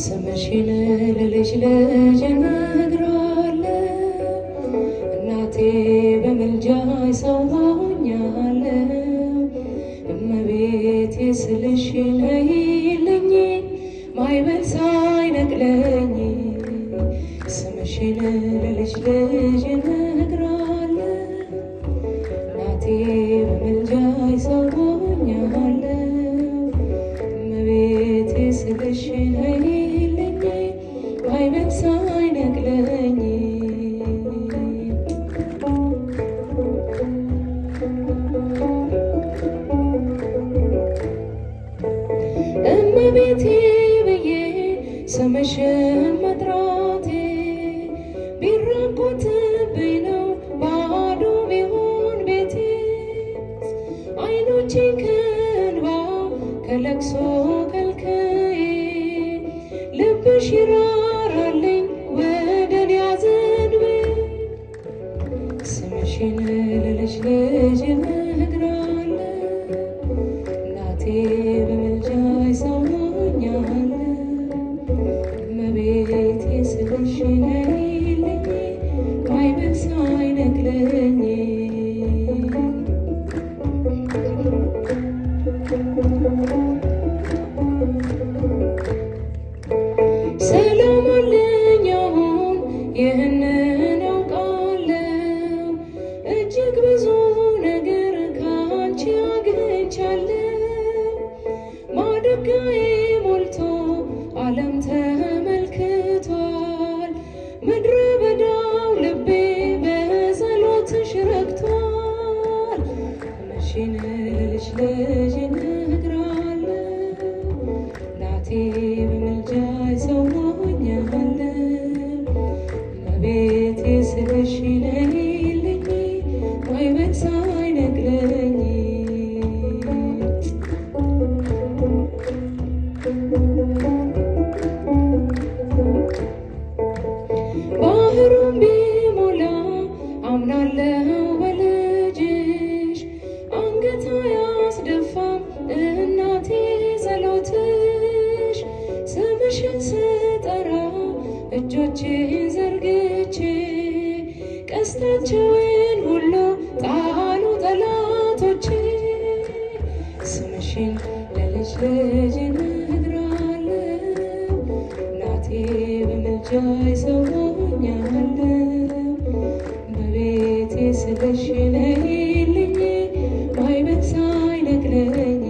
ስምሽን ለልጅ ልጅ እነግረዋለሁ። እናቴ በምልጃሽ ሰዋኛለሁ። እመቤቴ ስልሽ ነይልኝ ማዕበል ሳይነቅለኝ ስምሽን ለልጅ ልጅ እነግረዋለሁ። እናቴ በምልጃሽ ሰዋኛለሁ። እመቤቴ ስልሽ ነይ ነብስ አይነቅለኝ እመቤቴ ብዬ ስምሽን መጥራቴ ቢራቆትብኝ ነው ባዶ ቢሆን ቤቴ አይኖቼን ከእንባ ከለቅሶ ከልክዬ ልብሽ ይራ see. እጆችን ዘርግቼ ቀስታቸውን ሁሉ ጣሉ ጠላቶቼ ስምሽን ለልጅ ልጅ እነግራለሁ እናቴ በቤቴ ስለሽ ነይልኝ ሳይነግረኝ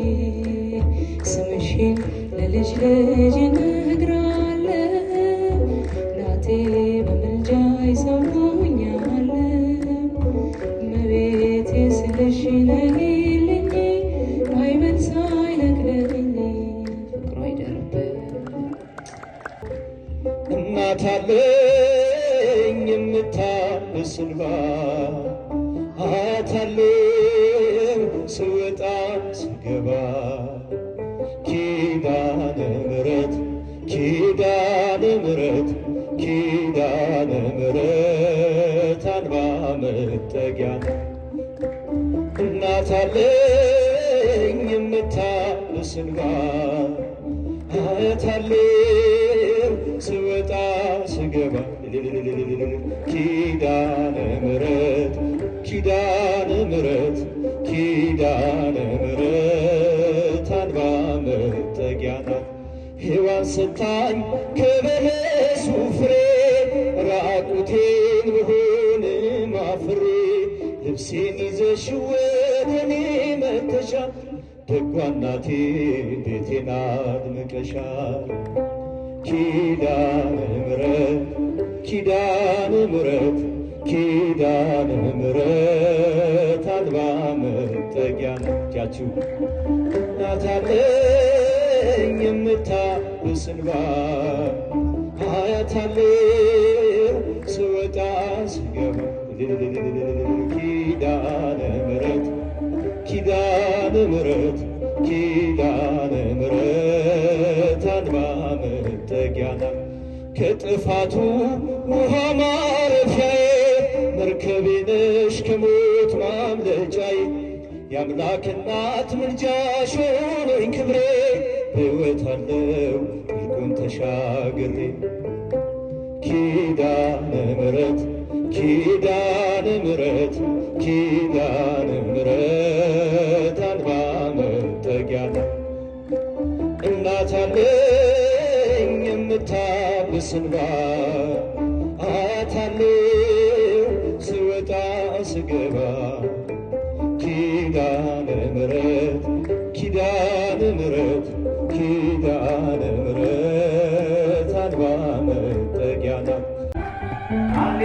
ስምሽን ለልጅ ልጅ እናታለኝ የምታብስልባ አያታለኝ ስወጣ ስገባ ኪዳነ ምሕረት ኪዳነ ምሕረት ኪዳነ ምሕረት እህታለኝ የምታሉ ስልጋ እህታለኝ ስወጣ ስገባ ኪዳነ ምሕረት ኪዳነ ምሕረት ኪዳነ ምሕረት አልባ መጠጊያ ናት ሔዋን ስታኝ ከበለሱ ፍሬ ራቁቴን ብሆንም አፍሬ ልብሴን ይዘሽወ የኔ መተሻ ደጓ እናቴ ቤቴን አድምቀሻል። ኪዳነ ምሕረት ኪዳነ ምሕረት ኪዳነ ምሕረት አልባ መጠጊያ ናትያችሁ እናታለኝ የምታብስ እንባ ስወጣ ስገባ ምህረት ኪዳነ ምህረት አድማ መጠጊያና ከጥፋቱ ውሃ ማረፊያዬ መርከቤ ነሽ ከሞት ማምለጫዬ የአምላክ እናት ምልጃሽ ሆነኝ ክብሬ ሕይወት አለው ይቁም ተሻግሬ ኪዳነ ምህረት ኪዳነ ምህረት ኪዳነ ምህረት አያታለኝ የምታብስ እንባ ስወጣ ስገባ ኪዳነ ምሕረት ኪዳነ ምሕረት ኪዳነ ምሕረት አድባ መጠጊያ ናት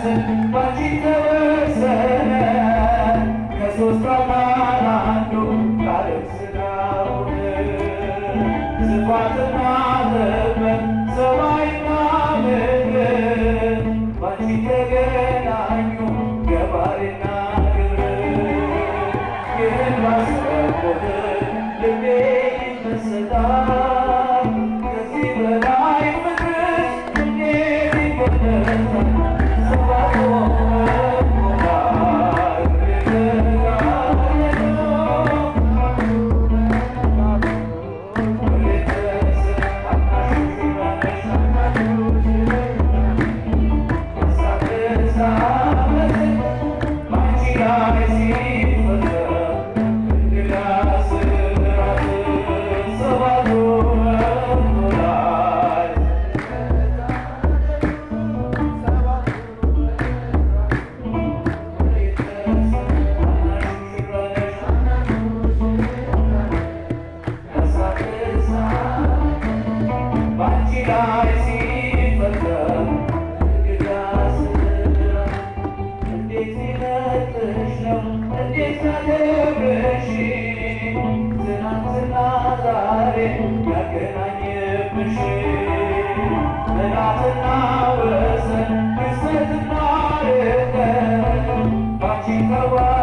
hacer, maldita Shiva.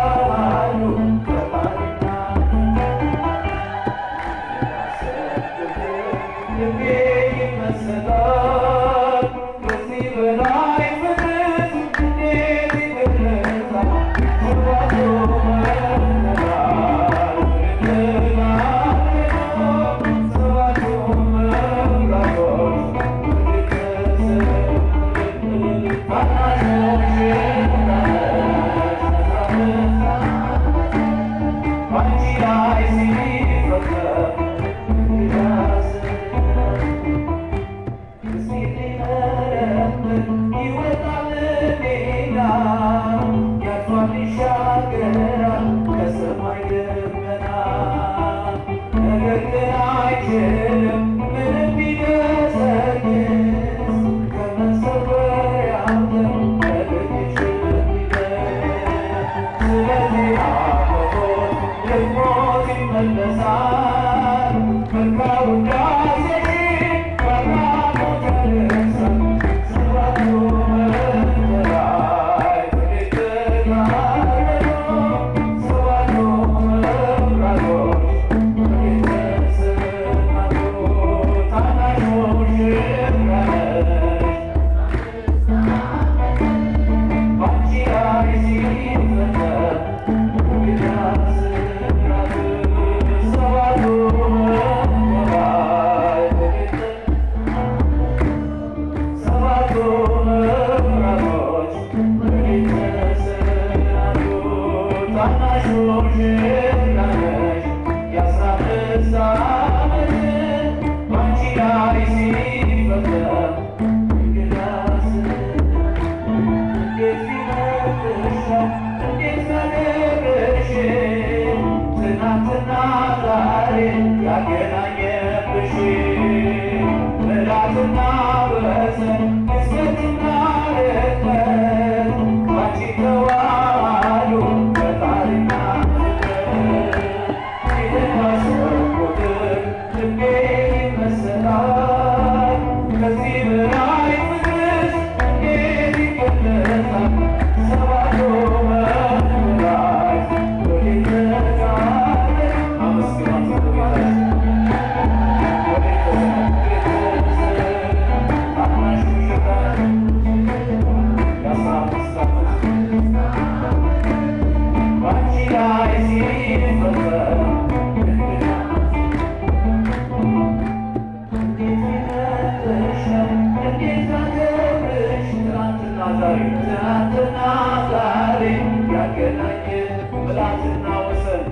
ምሕረትና ወሰን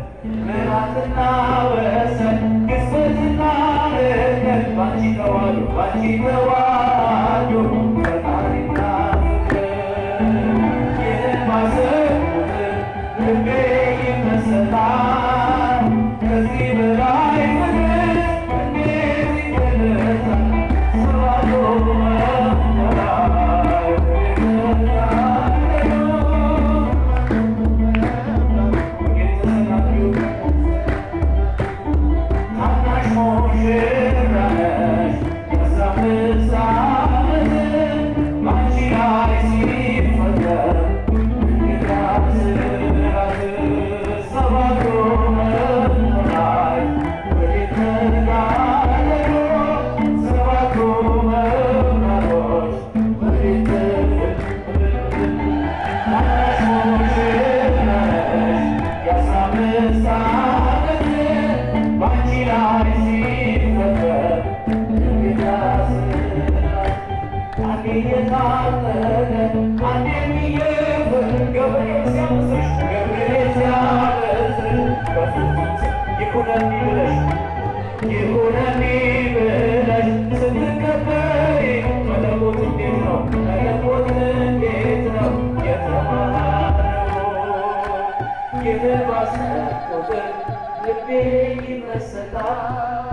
ምሕረትና beni mesela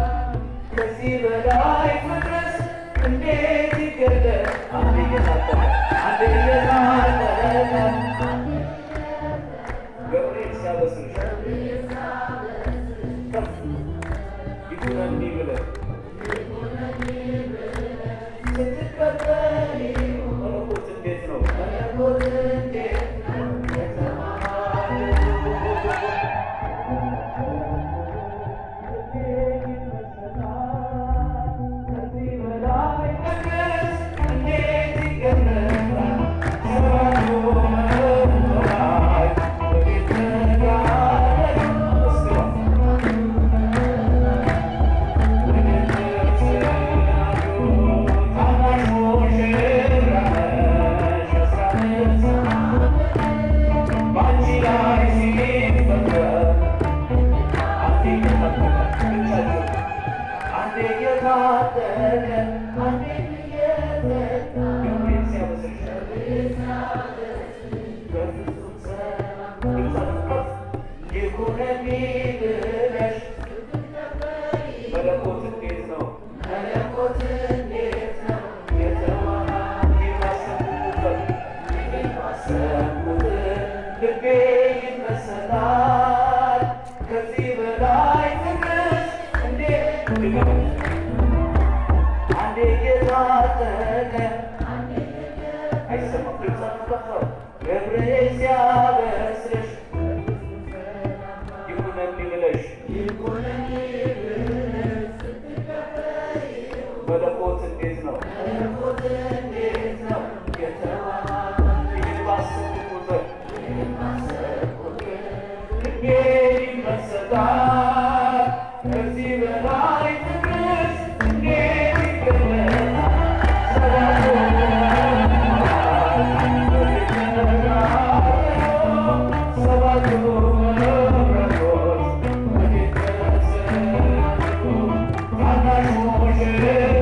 querer